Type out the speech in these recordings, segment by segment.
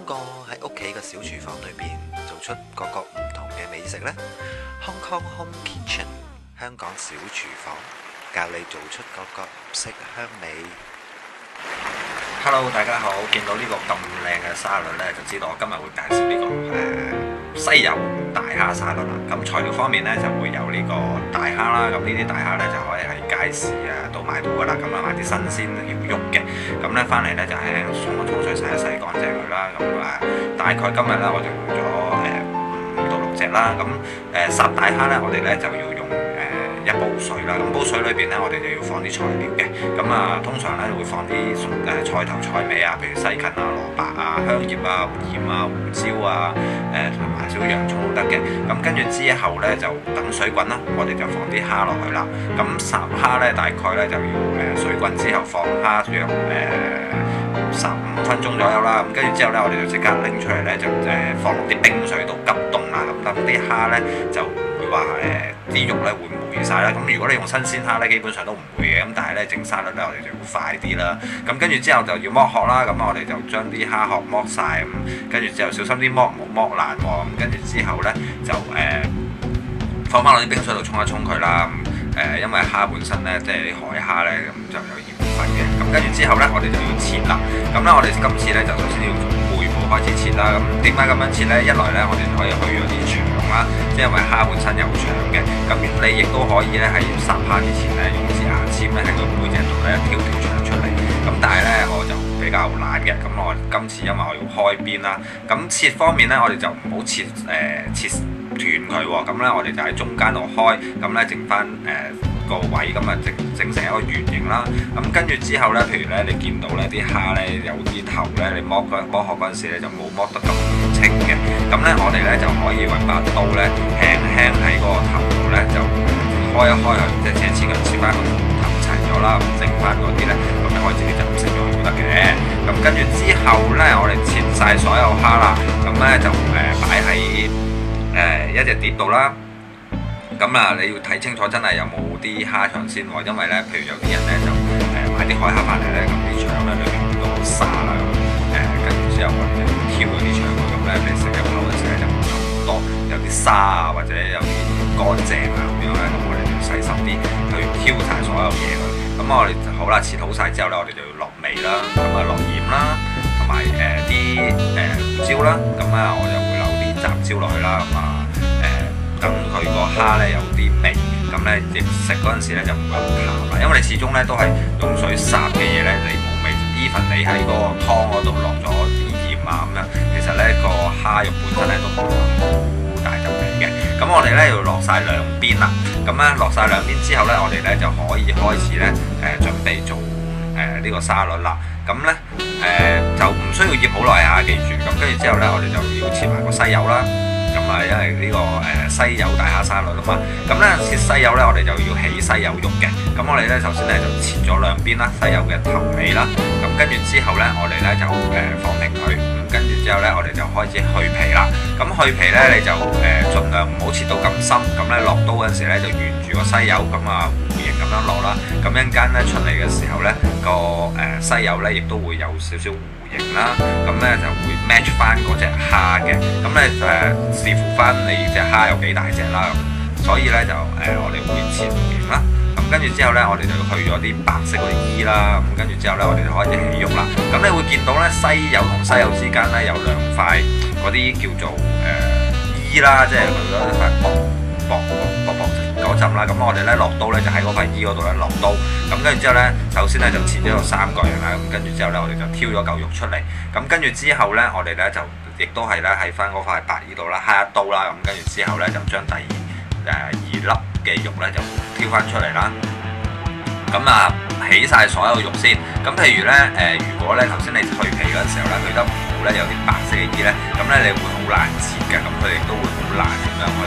通過喺屋企嘅小廚房裏邊做出各個唔同嘅美食咧，Hong Kong Home Kitchen 香港小廚房，教你做出各個色香味。Hello，大家好，見到呢個咁靚嘅沙律咧，就知道我今日會介紹呢個誒西柚大蝦沙律啦。咁材料方面咧就會有呢個大蝦啦，咁呢啲大蝦咧就可以。街市啊，都買到噶啦，咁啊買啲新鮮要用嘅，咁咧翻嚟咧就係沖一沖水，洗一洗乾淨佢啦，咁啊、呃、大概今日咧我就用咗誒五到六隻啦，咁誒十大蝦咧，我哋咧就要。煲水啦，咁煲水裏邊咧，我哋就要放啲材料嘅。咁啊，通常咧會放啲餸菜頭菜尾啊，譬如西芹啊、蘿蔔啊、香葉啊、鹽啊、胡椒啊，誒同埋少洋葱都得嘅。咁跟住之後咧，就等水滾啦，我哋就放啲蝦落去啦。咁十蝦咧，大概咧就要誒水滾之後放蝦，約誒十五分鐘左右啦。咁跟住之後咧，我哋就即刻拎出嚟咧，就誒放落啲冰水度急凍啦，咁等啲蝦咧就唔會話誒啲肉咧會。會啦，咁如果你用新鮮蝦咧，基本上都唔會嘅，咁但係咧整沙律咧我哋就要快啲啦，咁跟住之後就要剝殼啦，咁我哋就將啲蝦殼剝晒。咁跟住之後小心啲剝，唔好剝爛喎，咁跟住之後咧就誒放翻落啲冰水度沖一沖佢啦，咁誒因為蝦本身咧即係啲海蝦咧咁就有鹽分嘅，咁跟住之後咧我哋就要切啦，咁啦我哋今次咧就首先要從背部開始切啦，咁點解咁樣切咧？一來咧我哋可以去咗啲腸啦。因為蝦本身有腸嘅，咁你亦都可以咧喺要殺蝦之前咧用支牙籤咧喺個背脊度咧挑條腸出嚟。咁但係咧我就比較懶嘅，咁我今次因為我要開邊啦，咁切方面咧我哋就唔好切誒、呃、切斷佢喎，咁咧我哋就喺中間度開，咁咧剩翻誒。呃個位咁啊，整整成一個圓形啦。咁跟住之後咧，譬如咧，你見到咧啲蝦咧有啲頭咧，你剝佢，剝殼嗰陣時咧就冇剝得咁清嘅。咁、嗯、咧我哋咧就可以揾把刀咧，輕輕喺嗰個頭度咧就開一開佢，即係切切佢切翻個頭層咗啦。咁剩翻嗰啲咧，咁你可以自己就唔食用都得嘅。咁跟住之後咧，我哋切晒所有蝦啦，咁、嗯、咧就誒擺喺誒一隻碟度啦。咁啊，你要睇清楚，真係有冇啲蝦腸先喎，因為咧，譬如有啲人咧就誒買啲海蝦翻嚟咧，咁啲腸咧裏邊都好沙啦，咁誒，跟、嗯、住之後我哋挑嗰啲腸嗰度咧，你食入口嘅時候咧就唔同好多，有啲沙啊或者有啲乾淨啊咁樣咧，咁、嗯嗯嗯、我哋會細心啲，去、嗯、挑晒所有嘢。咁、嗯嗯、我哋就好啦，切好晒之後咧，我哋就要落味啦，咁啊落鹽啦，同埋誒啲誒胡椒啦，咁、嗯、啊、嗯、我就會留啲雜椒落去啦咁啊。嗯嗯等佢個蝦咧有啲味，咁咧食食嗰陣時咧就唔會鹹啦，因為你始終咧都係用水煮嘅嘢咧，你冇味。Even 你喺個湯嗰度落咗啲鹽啊咁樣，其實咧個蝦肉本身咧都唔會好大陣味嘅。咁我哋咧要落晒兩邊啦，咁咧落晒兩邊之後咧，我哋咧就可以開始咧誒準備做誒呢個沙律啦。咁咧誒就唔需要醃好耐啊，記住。咁跟住之後咧，我哋就要切埋個西柚啦。咁啊，因為呢個誒西柚大蝦沙律啊嘛，咁咧切西柚咧，我哋就要起西柚肉嘅。咁我哋咧，首先咧就切咗兩邊啦，西柚嘅頭尾啦。咁跟住之後咧，我哋咧就誒放定佢。之後咧，我哋就開始去皮啦。咁去皮咧，你就誒盡量唔好切到咁深。咁咧落刀嗰陣時咧，就沿住個西柚咁啊弧形咁樣落啦。咁一間咧出嚟嘅時候咧，個誒西柚咧亦都會有少少弧形啦。咁咧就會 match 翻嗰隻蝦嘅。咁咧誒視乎翻你隻蝦有幾大隻啦。所以咧就誒我哋會切弧形啦。跟住之後呢，我哋就去咗啲白色嗰啲衣啦。咁跟住之後呢，我哋就可以起肉啦。咁你會見到呢，西柚同西柚之間呢，有兩塊嗰啲叫做誒衣啦，即係佢嗰塊薄薄薄薄薄嗰浸啦。咁我哋呢，落刀呢就喺嗰塊衣嗰度呢落刀。咁跟住之後呢，首先呢就切咗有三角形啦。咁跟住之後呢，我哋就挑咗嚿肉出嚟。咁跟住之後呢，我哋呢就亦都係呢，喺翻嗰塊白衣度啦，揩一刀啦。咁跟住之後呢，就將第二誒、呃、二粒嘅肉咧就挑翻出嚟啦，咁啊起晒所有肉先，咁譬如咧誒、呃，如果咧頭先你去皮嗰陣時候咧，去得唔好咧有啲白色嘅啲咧，咁咧你會好難切嘅，咁佢哋都會好難咁樣去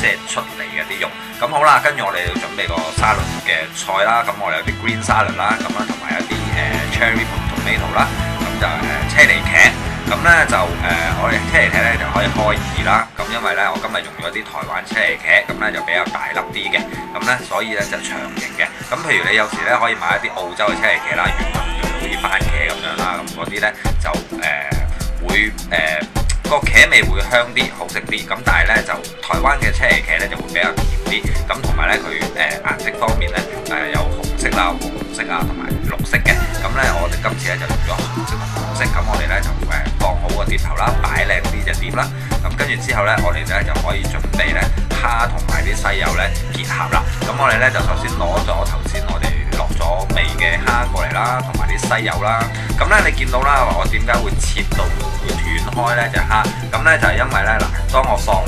誒，即、呃、係出嚟嘅啲肉。咁好啦，跟住我哋要準備個沙律嘅菜啦，咁我哋有啲 green 沙律啦，咁啊同埋一啲誒 cherry tomato 啦，咁、呃、就誒車釐茄。呃咁咧就誒，我哋車釐茄咧就可以開二啦。咁因為咧，我今日用咗啲台灣車釐茄，咁咧就比較大粒啲嘅。咁咧，所以咧就長型嘅。咁譬如你有時咧可以買一啲澳洲嘅車釐茄啦，圓圓啲番茄咁樣啦。咁嗰啲咧就誒會誒個茄味會香啲，好食啲。咁但係咧就台灣嘅車釐茄咧就會比較甜啲。咁同埋咧佢誒顏色方面咧誒有紅色啊、黃色啊同埋綠色嘅。咁咧我哋今次咧就用咗紅色同黃色咁。碟頭啦，擺靚啲隻碟啦，咁跟住之後呢，我哋呢就可以準備呢蝦同埋啲西柚呢結合啦。咁我哋呢，就首先攞咗頭先我哋落咗味嘅蝦過嚟啦，同埋啲西柚啦。咁呢，你見到啦，我點解會切到會斷開呢隻蝦？咁呢，就係因為呢，嗱，當我放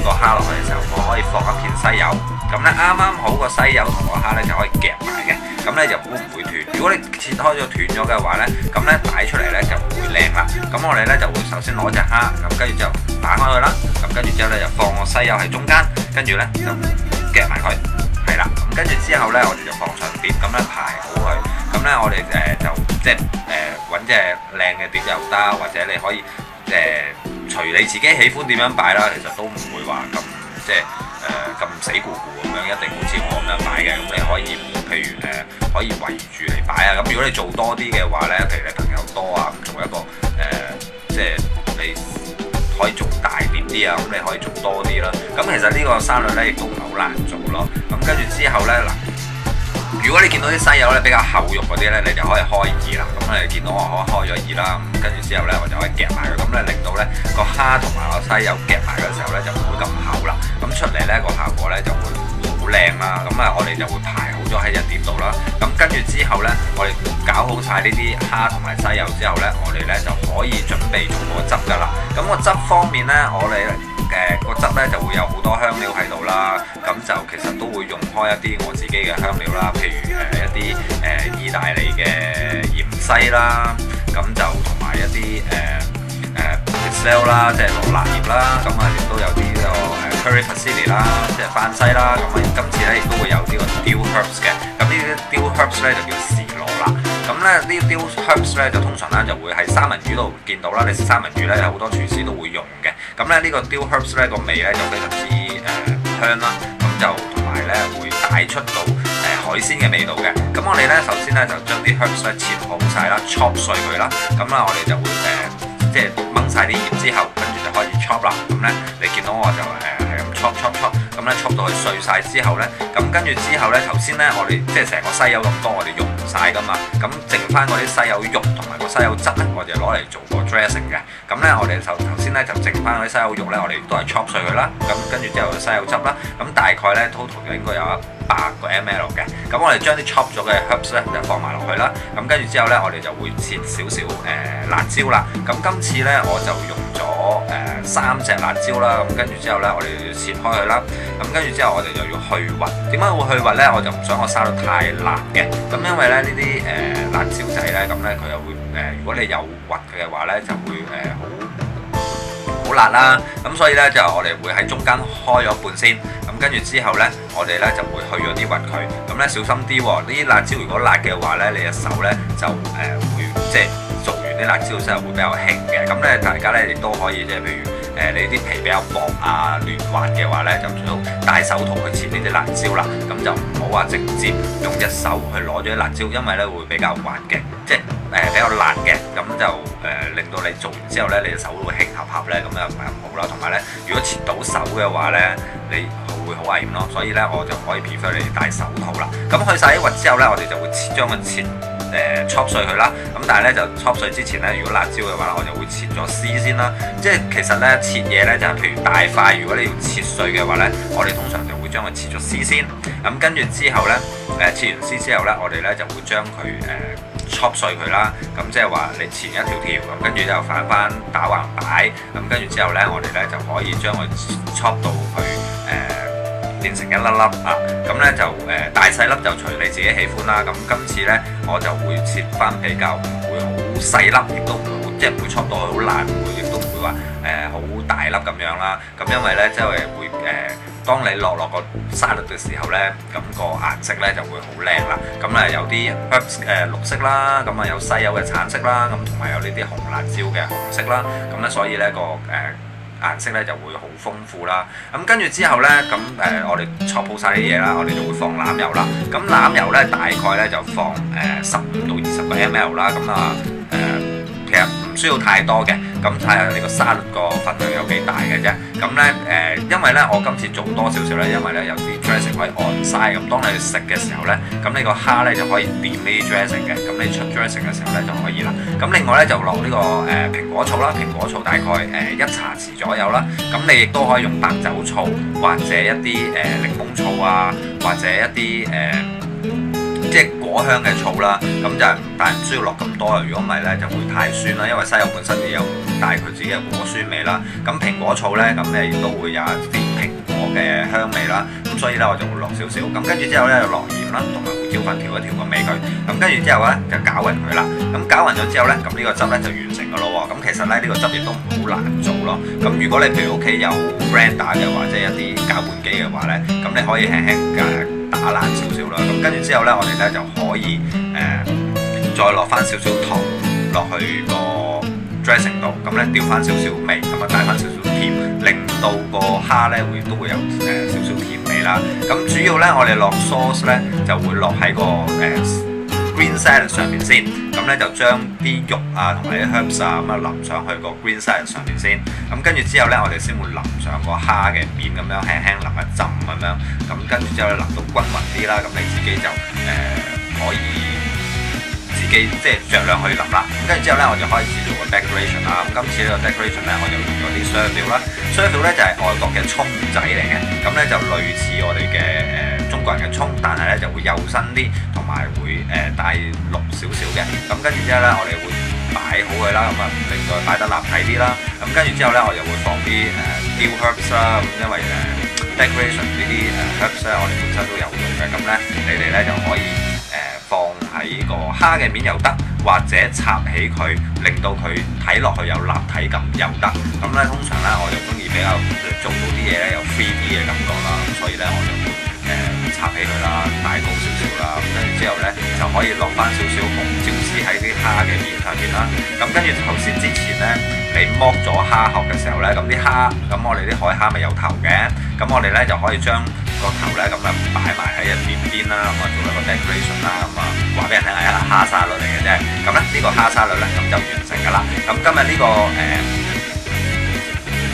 個蝦落去嘅時候，我可以放一片西柚。咁咧啱啱好個西柚同個蝦咧就可以夾埋嘅，咁咧就好唔會斷。如果你切開咗斷咗嘅話咧，咁咧擺出嚟咧就唔會靚啦。咁我哋咧就會首先攞隻蝦，咁跟住就打開佢啦，咁跟住之後咧就放個西柚喺中間，跟住咧就夾埋佢，係啦。咁跟住之後咧，我哋就放長碟，咁咧排好佢，咁咧我哋誒就即係誒揾隻靚嘅碟又得，或者你可以誒隨你自己喜歡點樣擺啦。其實都唔會話咁即係。咁、呃、死咕固咁樣，一定好似我咁樣擺嘅，咁你可以，譬如誒、呃，可以圍住嚟擺啊。咁如果你做多啲嘅話咧，譬如你朋友多啊，咁做一個誒、呃，即係你可以做大啲啲啊，咁你可以做多啲啦。咁其實個呢個沙律咧亦都唔係好難做咯。咁跟住之後咧嗱。如果你見到啲西柚咧比較厚肉嗰啲咧，你就可以開耳啦。咁你見到我可開咗耳啦，咁跟住之後咧，我就可以夾埋佢，咁咧令到咧個蝦同埋個西柚夾埋嘅時候咧，就唔會咁厚啦。咁出嚟咧個效果咧就會好靚啦。咁啊，我哋就會排好咗喺一點度啦。咁跟住之後咧，我哋搞好晒呢啲蝦同埋西柚之後咧，我哋咧就可以準備做個汁噶啦。咁個汁方面咧，我哋。誒個、呃、汁咧就會有好多香料喺度啦，咁就其實都會用開一啲我自己嘅香料啦，譬如誒、呃、一啲誒、呃、意大利嘅芫茜啦，咁就同埋一啲誒誒 basil 啦，呃、el，即係羅勒葉啦，咁啊亦都有啲呢個 curly parsley 啦，即係番茜啦，咁啊今次咧亦都會有個 bs，呢個 dill herbs 嘅，咁呢啲 dill herbs 咧就叫。咁咧呢啲 herbs 咧就通常咧就會喺三文魚度見到啦，你食三文魚咧有好多廚師都會用嘅。咁咧呢個 herbs 咧個味咧就非常之誒香啦，咁就同埋咧會帶出到誒海鮮嘅味道嘅。咁我哋咧首先咧就將啲 herbs 咧切好晒啦，chop 碎佢啦。咁咧我哋就會誒即係掹晒啲葉之後，跟住就開始 chop 啦。咁咧你見到我就誒係咁 chop chop chop。咁咧，chop 到佢碎晒之後咧，咁跟住之後咧，頭先咧我哋即係成個西柚咁多，我哋用唔晒噶嘛，咁剩翻嗰啲西柚肉同埋個西柚汁咧，我哋攞嚟做個 dressing 嘅。咁咧，我哋就頭先咧就剩翻嗰啲西柚肉咧，我哋都係 chop 碎佢啦。咁跟住之後個西柚汁啦，咁大概咧 total 就應該有一百個 ml 嘅。咁我哋將啲 chop 咗嘅 herbs 咧就放埋落去啦。咁跟住之後咧，我哋就會切少少誒辣椒啦。咁今次咧我就用咗，我誒三隻辣椒啦，咁跟住之後咧，我哋切開佢啦。咁跟住之後，我哋就要去核。點解會去核咧？我就唔想我生得太辣嘅。咁因為咧呢啲誒辣椒仔咧，咁咧佢又會誒，如果你有核嘅話咧，就會誒好好辣啦。咁所以咧就我哋會喺中間開咗半先。咁跟住之後咧，我哋咧就會去咗啲核佢。咁咧小心啲喎，呢啲辣椒如果辣嘅話咧，你嘅手咧就誒會即係。啲辣椒身係會比較輕嘅，咁咧大家咧亦都可以即係，譬如誒、呃、你啲皮比較薄啊、嫩滑嘅話咧，就最好戴手套去切呢啲辣椒啦。咁就唔好話直接用隻手去攞咗啲辣椒，因為咧會比較滑嘅，即係誒、呃、比較辣嘅，咁就誒、呃、令到你做完之後咧，你隻手會輕合合咧，咁又唔係咁好啦。同埋咧，如果切到手嘅話咧，你會好危險咯。所以咧，我就可以 prefer 你戴手套啦。咁去曬啲核之後咧，我哋就會將佢切。誒、呃、碎佢啦，咁但係咧就 chopping 之前咧，如果辣椒嘅話，我就會切咗絲先啦。即係其實咧切嘢咧就係譬如大塊，如果你要切碎嘅話咧，我哋通常就會將佢切咗絲先。咁跟住之後咧，誒、呃、切完絲之後咧，我哋咧就會將佢誒碎佢啦。咁即係話你切一條條咁，跟住就反翻打橫擺，咁跟住之後咧，我哋咧就可以將佢 chopping 到去。變成一粒粒啊，咁咧就誒、呃、大細粒就隨你自己喜歡啦。咁、啊、今次咧我就會切翻比較唔會好細粒，亦都唔會即係會出到好難，亦都唔會話誒好大粒咁樣啦。咁、啊、因為咧即係會誒、呃，當你落落個沙律嘅時候咧，咁、個顏色咧就會好靚啦。咁、啊、咧有啲誒綠色啦，咁啊有西柚嘅橙色啦，咁同埋有呢啲紅辣椒嘅紅色啦。咁、啊、咧所以咧個誒。呃顏色咧就會好豐富啦，咁、啊、跟住之後咧，咁誒、呃、我哋 top 鋪晒啲嘢啦，我哋就會放橄油啦，咁橄油咧大概咧就放誒十五到二十個 mL 啦，咁啊誒其實唔需要太多嘅，咁睇下你個沙律個份量有幾大嘅啫。咁咧，誒、呃，因為咧，我今次做多少少咧，因為咧有啲 dressing 可以 on side。咁當你去食嘅時候咧，咁你個蝦咧就可以變味 dressing 嘅。咁你出 dressing 嘅時候咧就可以啦。咁另外咧就落呢、這個誒、呃、蘋果醋啦，蘋果醋大概誒一、呃、茶匙左右啦。咁你亦都可以用白酒醋或者一啲誒、呃、檸檬醋啊，或者一啲誒。呃果香嘅醋啦，咁就但係唔需要落咁多，如果唔係咧就會太酸啦，因為西柚本身有帶佢自己嘅果酸味啦。咁蘋果醋咧，咁你亦都會有一啲蘋果嘅香味啦。咁所以咧我就會落少少。咁跟住之後咧就落鹽啦，同埋胡椒粉調一調個味佢。咁跟住之後咧就攪勻佢啦。咁攪勻咗之後咧，咁呢個汁咧就完成噶咯喎。咁其實咧呢個汁亦都唔好難做咯。咁如果你譬如屋企有 blender 嘅，或者一啲攪拌機嘅話咧，咁你可以輕輕加。打爛少少啦，咁跟住之後咧，我哋咧就可以誒、呃、再落翻少少糖落去個 dressing 度，咁咧調翻少少味，咁啊帶翻少少甜，令到個蝦咧會都會有誒、呃、少少甜味啦。咁、嗯、主要咧，我哋落 sauce 咧就會落喺、個誒，呃 green salad 上面先，咁咧就將啲肉啊同埋啲 herbs 啊咁樣淋上去個 green salad 上面先，咁跟住之後咧，我哋先會淋上個蝦嘅面，咁樣輕輕淋一浸咁樣，咁跟住之後淋到均勻啲啦，咁你自己就誒可以。即係盡量去淋啦，咁跟住之後咧，我就開始做個 decoration 啦。咁今次呢個 decoration 咧，我就用咗啲香料啦。香料咧就係外國嘅葱仔嚟嘅，咁咧就類似我哋嘅誒中國人嘅葱，但係咧就會幼身啲，同埋會誒帶綠少少嘅。咁跟住之後咧，我哋會擺好佢啦，咁啊，令到佢擺得立體啲啦。咁跟住之後咧，我又會放啲誒香草啦，因為誒 decoration 呢啲香草我哋本身都有用嘅。咁咧你哋咧就可以。蝦嘅面又得，或者插起佢，令到佢睇落去有立體感又得。咁咧通常咧，我就中意比較做到啲嘢咧有 3D 嘅感覺啦，所以咧我就會誒。呃插起佢啦，擺高少少啦，咁跟住之後咧 就可以落翻少少紅椒絲喺啲蝦嘅面下邊啦。咁跟住頭先之前咧，你剝咗蝦殼嘅時候咧，咁啲蝦咁我哋啲海蝦咪有頭嘅，咁我哋咧就可以將個頭咧咁啊擺埋喺一邊邊啦，咁啊做一個 decoration 啦，咁啊話俾人聽係蝦沙律嚟嘅啫。咁咧呢個蝦沙律咧咁就完成噶啦。咁今日呢、呢個誒、呃、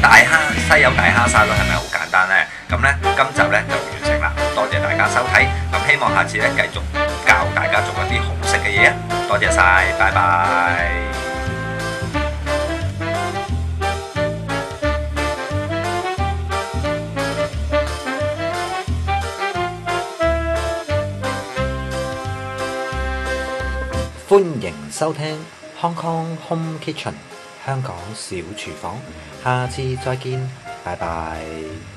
大蝦西柚大蝦沙律係咪好簡單咧？咁咧今集咧就。收睇，咁希望下次咧繼續教大家做一啲好食嘅嘢啊！多謝晒，拜拜！歡迎收聽 Hong Kong Home Kitchen 香港小廚房，下次再見，拜拜！